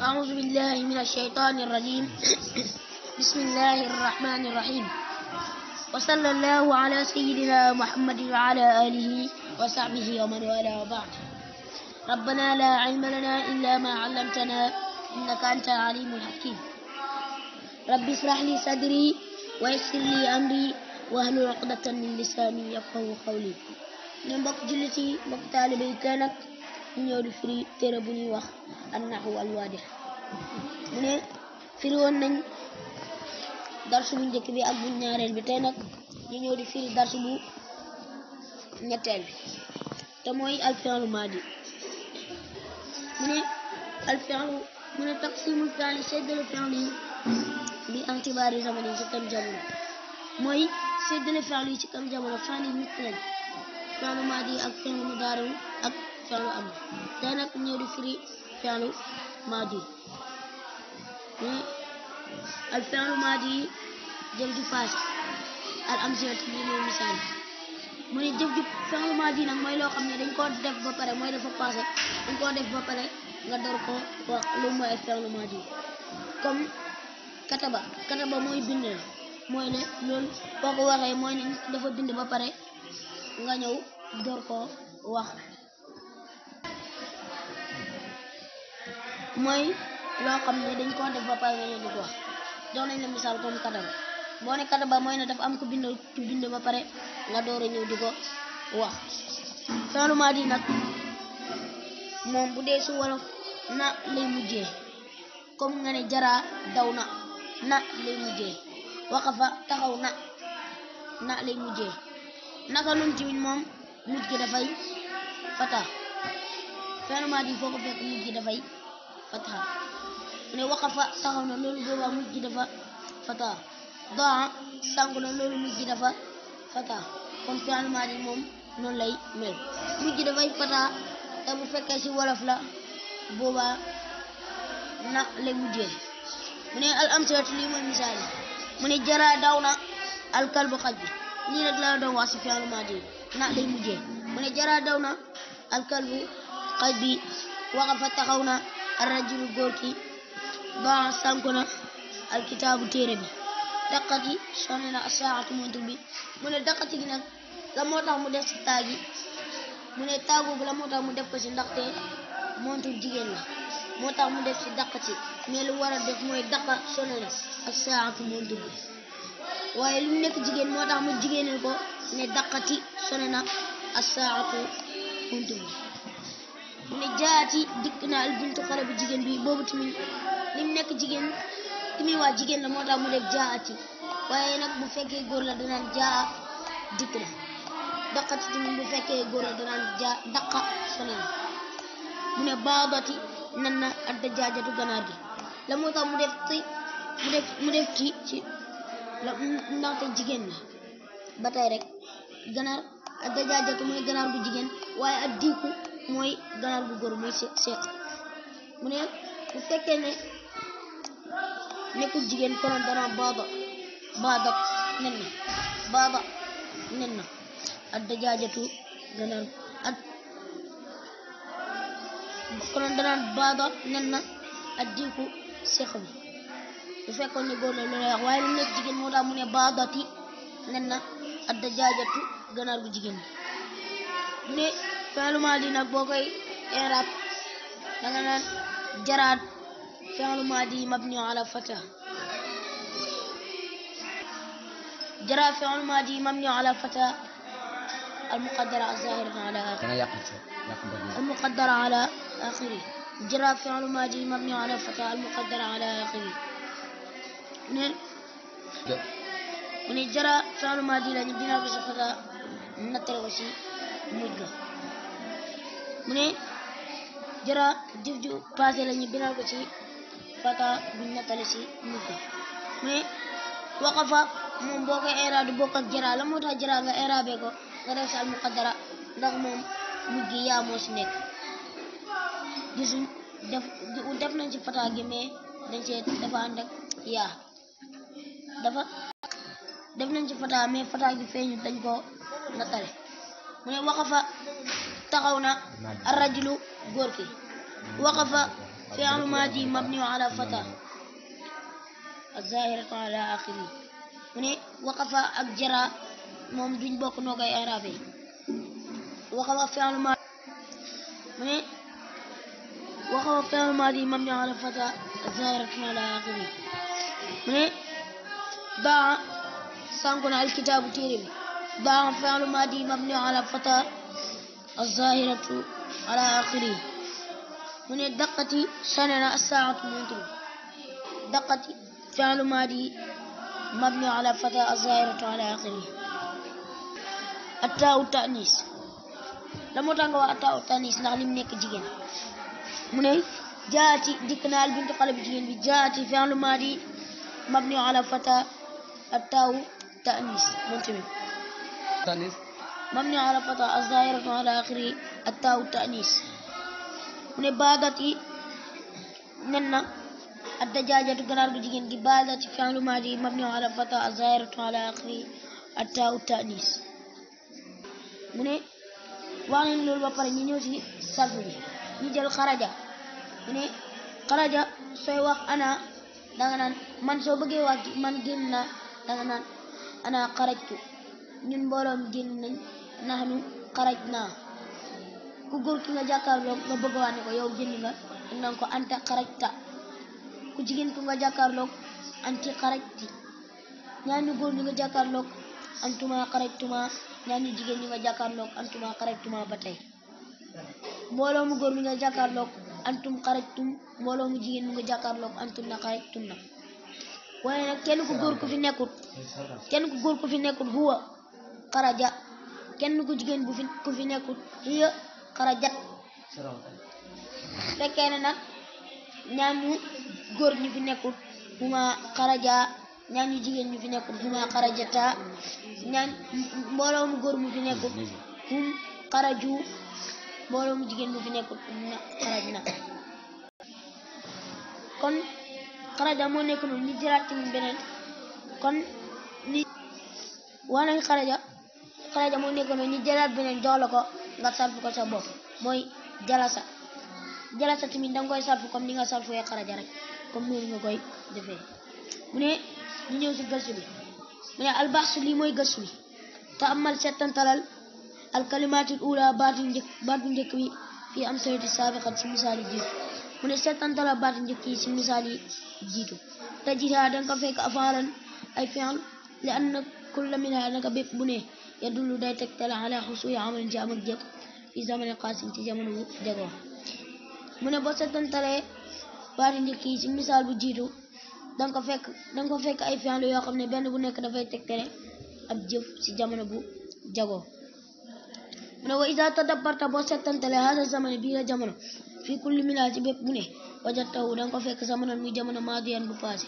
أعوذ بالله من الشيطان الرجيم بسم الله الرحمن الرحيم وصلى الله على سيدنا محمد وعلى آله وصحبه ومن والاه وبعد ربنا لا علم لنا إلا ما علمتنا إنك أنت العليم الحكيم رب اشرح لي صدري ويسر لي أمري واحلل عقدة من لساني يفقهوا قولي ñoom mbokk jullit yi mbokk taalibe yi nag ñëw di firi téere bu wax an naxu al waadix mu nañ darsu bu njëkk bi ak bu bi tey nag ñu ñëw bu ñetteel bi te mooy alfi'lu maadi mu ne alfi'lu mu ne seddale fi'li bi an xibaari zamani ci kam jamono mooy seddale fi'li ci kam jamono fi'li lañ fi'lu maadi ak fi'lu mudaari ak fi'lu am day nag ñëw di firi fi'lu maadi al fi'lu maadi jëf ju passé al amsilatu li mooy misaal mu ne jëf ju fi'lu maadi nag mooy loo xam ne dañ koo def ba pare mooy dafa passé dañ koo def ba pare nga door ko wax lu mooy al fi'lu maadi comme kataba kataba mooy bind na mooy ne loolu boo ko waxee mooy ne dafa bind ba pare nga ñëw door ko wax mooy loo xam ne dañ koo def ba pare nga di ko wax jox nañ la misaal comme kadaba boo ne kadaba mooy ne dafa am ko bind ci bind ba pare nga door a ñëw di ko wax loolu maa di nag moom bu dee su wolof na lay mujjee comme nga ne jaraa daw na nun ci moom mujj gi dafay fata fenomaa di foo ko fekk mujj gi dafay fatha mu ne waqafa taxaw na loolu boobaa mujj gi dafa fatha daa sànku na loolu mujj gi dafa fatha kon fi'il maadi moom noonu lay mel mujj dafay fatha te bu fekkee ci wolof la boobaa na lay mujjee mu ne mu ne jara daw na al kalbu xaj bi nii nag laa doon wax taxaw na arrajulu góor ki a sànku na alkitaabu téere bi daqati sonn na asaatu montre bi mu ne daqati gi nag la moo tax mu def si taagi mu ne taagu bi la moo tax mu def ko si ndaxte montre jigéen la moo tax mu def si daqati mais lu war a def mooy daqa sonn na waaye lu nekk jigéen moo tax mu jigéenal ko ne daqati sonn na asaatu montre ne jaati dikk na al bintu xale bu jigéen bi boobu tamit li mu nekk jigéen tamit waa jigéen la moo tax mu def jaati waaye nag bu fekkee góor la danaan jaa dikk na daqati tamit bu fekkee góor la danaan jaa daqa sori na mu ne baadati nan na adda jaajatu ganaar gi la moo tax mu def ti mu def ti ci la ndaxte jigéen la ba tey ganaar adda jaajatu mooy ganaar bu jigéen waaye ak mooy ganaar bu góor mooy seex mu ne bu fekkee ne nekkul jigéen konoon dana baada baada nen na baada nen na ad dajaajatu ganaar ad konoon danaan baada nen na ad diiku seex bi su fekkoon ne góor la loolu wax waaye lu nekk jigéen moo tax mu ne baadati nen na ganaar bu jigéen mu ne fi'lu maadi nag boo koy i'raab danga naan jaraat fi'lu maadi mabni ala fatha jaraat fi'lu maadi mabni ala fatha المقدرة الظاهرة على آخره المقدرة على آخره جرى فعل ماضي مبني على فتح المقدرة على آخره من جرى فعل ماضي لأن بناء بصفتها نتر وشي مجرى mu ne jara jëf ju passé la ñu binal ci fata buñ nattale ci mujj mu ne waqafa moom boo ko era du bokk ak la moo tax jara nga erabe ko nga def sa al muqaddara ndax moom mujj gi yaa moo ci nekk gisuñ def def nañ ci fata gi mais dañ cee dafa ànd def nañ ci fata mais fata gi feeñu dañ ko nattale mu ne waqafa taxaw na arrajulu góor ki waqafa fi'lu maadi mabni ala fata az-zahiratu ala axiri mu ne waqafa ak jara moom duñ bokk noo koy arabe waqafa fi'lu maadi mu ne waqafa fi'lu maadi mabni ala fata az-zahiratu ala axiri mu ne baa sànku na alkitaabu téere bi baa fi'lu maadi mabni ala fata alzahiratu ala axiri mu ne daqati sanana assaatu muntum daqati fi'lu maadi mabni ala fata alzahiratu ala axiri attaawu tanis la moo tax nga wax attaawu tanis ndax lim nekk jigéen mu ne jaati dikk naal bintu xale bu jigéen bi jaati fi'lu maadi mabni ala fata attaawu tanis moom tamit مبني على فتح الظاهرة على آخره التاء التأنيس mu ne baadat yi nen na ganaar gu jigéen gi baadat فعل ماضي مبني على فتح الظاهرة على آخره التاء التأنيس mu ne wax nañ loolu ba pare ñu ñëw ci sarf bi ñu jël xaraja mu ne xaraja sooy wax anaa danga naan man soo bëggee wax man génn danga naan ana xarajtu ñun mbooloom génn nahnu xarajnaa ku góor ki nga jàkkaarloo nga bëgg a wax ne ko yow génn nga naan ko anta xarajta ku jigéen ki nga jàkkaarloo anti xarajti ñaani góor ñi nga jàkkaarloo antuma xarajtuma ñaani jigéen ñi nga jàkkaarloo antuma ba tey mbooloo mu góor mi nga jàkkaarloo antum xarajtum mbooloo mu jigéen mi nga jàkkaarloo antum na xarajtum na waaye nag kenn ku góor ku fi nekkul kenn ku góor ku fi nekkul huwa xaraja kenn ku jigéen bu fi ku fi nekkul hiya xarajat fekkee ne nag ñaañu góor ñu fi nekkul huma xaraja ñaañu jigéen ñu fi nekkul huma xarajata ñaan mbooloo mu mu fi nekkul hum xaraju mbooloo mu jigéen mu fi nekkul na kon xaraja moo nekk noonu ñu jëlaat beneen kon ni waa nañ xale ja mu nekkoon ñu jëlaat beneen jox la ko nga salfu mooy jalasa jalasa tamit koy salfu comme ni nga salfuwee xaraja rek comme noonu nga koy ne ñu ñëw si bi mooy gëstu bi te amal settantalal alkalimaatul ula baatu njëkk bi fii am saytu saabiqat si misaal yi jiitu mu ne settantalal baatu njëkk yi si misaal jiitu te jiitaa da fekk afaalan ay fi'l li anna kulla minha bépp bu ne yadullu day tegtale ala xusuy amalin ci am ak jëf fi zamani ci jamono bu jegoo mu ne boo setantalee baati njëkk yi ci misaal bu jiitu danga ko fekk danga ko fekk ay fi'lu yoo ne benn bu nekk dafay tegtale ab ci jamono bu jagoo mu ne wa iza boo setantalee hada zamani jamono fi kulli minaa ci bépp bu ne wajattahu danga ko fekk zamanan muy jamono maadiyan bu passé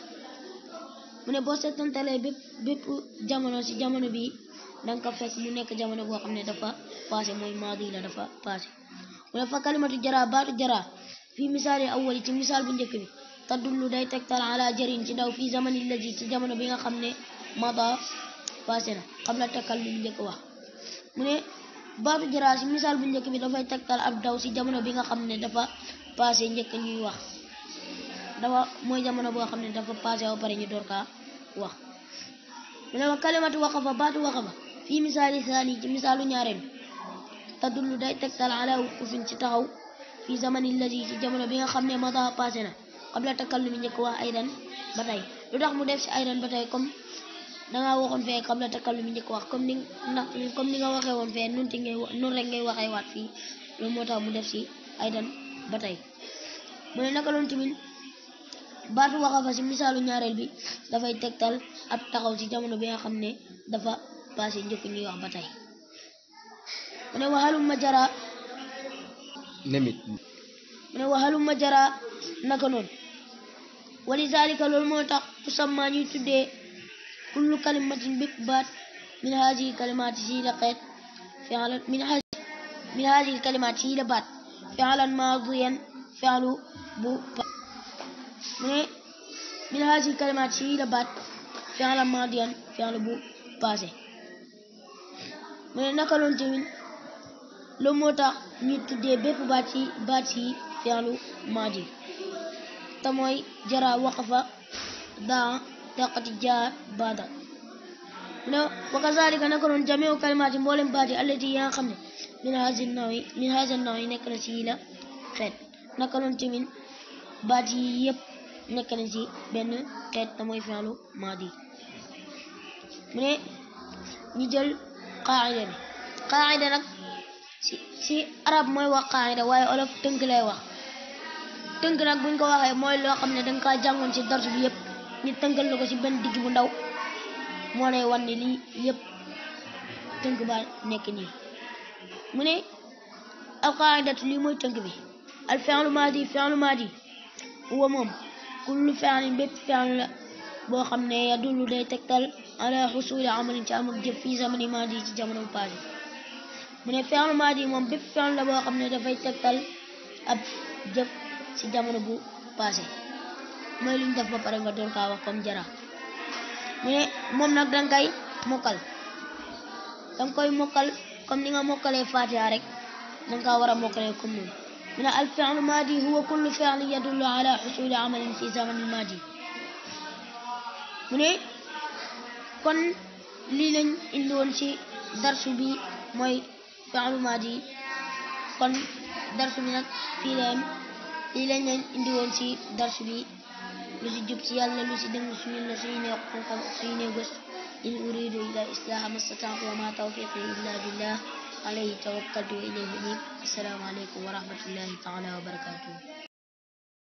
jamono ci jamono bii da nga ko fekk mu nekk jamono boo xam ne dafa passé mooy maadi la dafa passé mu ne fa kalimatu jara baatu jara fii misaali awali ci bu njëkk bi tadullu day tegtal ala jarin ci daw fii zamani lazi ci jamono bi nga xam ne mada passé na xam la takkal lu njëkk wax mu ne baatu jara ci misaal bu njëkk bi dafay tegtal ab daw ci jamono bi nga xam ne dafa passé njëkk ñuy wax dafa mooy jamono boo xam ne dafa passé ba pare ñu door kaa wax fi misaali saani ci misaalu ñaareel tadullu day tegtal ala wuqufin ci taxaw fi zamani lazi ci jamono bi nga xam ne mada passé na qabla takallumi njëkk wax aydan ba tey lu tax mu def ci aydan ba tey comme dangaa waxoon fee qabla takallumi njëkk wax comme ni ndax comme ni nga waxee woon fee nun ti ngay nun rek ngay waxee waat fii loolu moo tax mu def ci aydan ba tey mu ne naka loolu tamit baatu waxafa ci misaalu ñaareel bi dafay tegtal ab taxaw ci jamono bi nga xam ne dafa paase njëkk ñuy wax ba tey mu ne waxaluma jara nemit mu ne waxaluma jara naka noonu wali zalika loolu moo tax tusammaa ñuy tuddee kullu kalimatin bépp baat min haaji kalimaat si la xeet fialan min haaji min haaji kalimaat si la baat fialan maadiyan fialu bu mu ne min haaji kalimaat si la baat fialan maadiyan fialu bu passé mu ne naka loolu tamit loolu moo tax ñu tuddee bépp baat yi baat yi fi'lu maadi te mooy jara waqafa daa taqati jaar baada mu ne wa kazalika naka noonu jamiu kalimaat mboolem baat yi allati yaa xam ne min haza naw yi min haza nekk na ci yi la tamit baat yi yëpp nekk na ci benn xeet te mooy maadi mu ne ñu jël qaacida bi qaacida nag ci ci arab mooy wax qaacida waaye olof tënk lay wax tënk nag buñ ko waxee mooy loo xam ne danga kaa jàngoon ci dars bi yëpp ñu tënkal la ko ci benn digg bu ndaw moo lay wan ne lii yëpp tënk ba nekk nii mu ne al qaaidatu lii mooy tënk bi al fi'lu maadi fi'lu maadi huwa moom kullu fi'lin bépp fi'l la boo xam ne yadullu day tegtal ala xusuli amalin ci amul jëf fii zamani maadi ci jamono passé mu ne fi'l maadi moom bépp fi'l la boo xam ne dafay tegtal ab jëf ci jamono bu passé mooy lu ñu def ba pare nga doon kaa wax comme jara mu ne moom nag danga mokkal danga koy mokkal comme ni nga mokkalee fatiha rek danga war a mokkalee comme noonu mu ne al fi'l maadi huwa kullu fi'lin yadullu ala xusuli amalin fi zamani maadi mu ne kon lii lañ indi woon ci darsu bi mooy fi'lu maadi kon darsu bi nag fii leen lii lañ leen indi woon ci darsu bi lu ci jub ci yàlla lu ci dëng suñu la suñu ne xam-xam suñu ne gës in uridu illa islaaha mastata'tu wa ma tawfiqi illa billah alayhi tawakkaltu wa ilayhi unib assalaamu wa rahmatullahi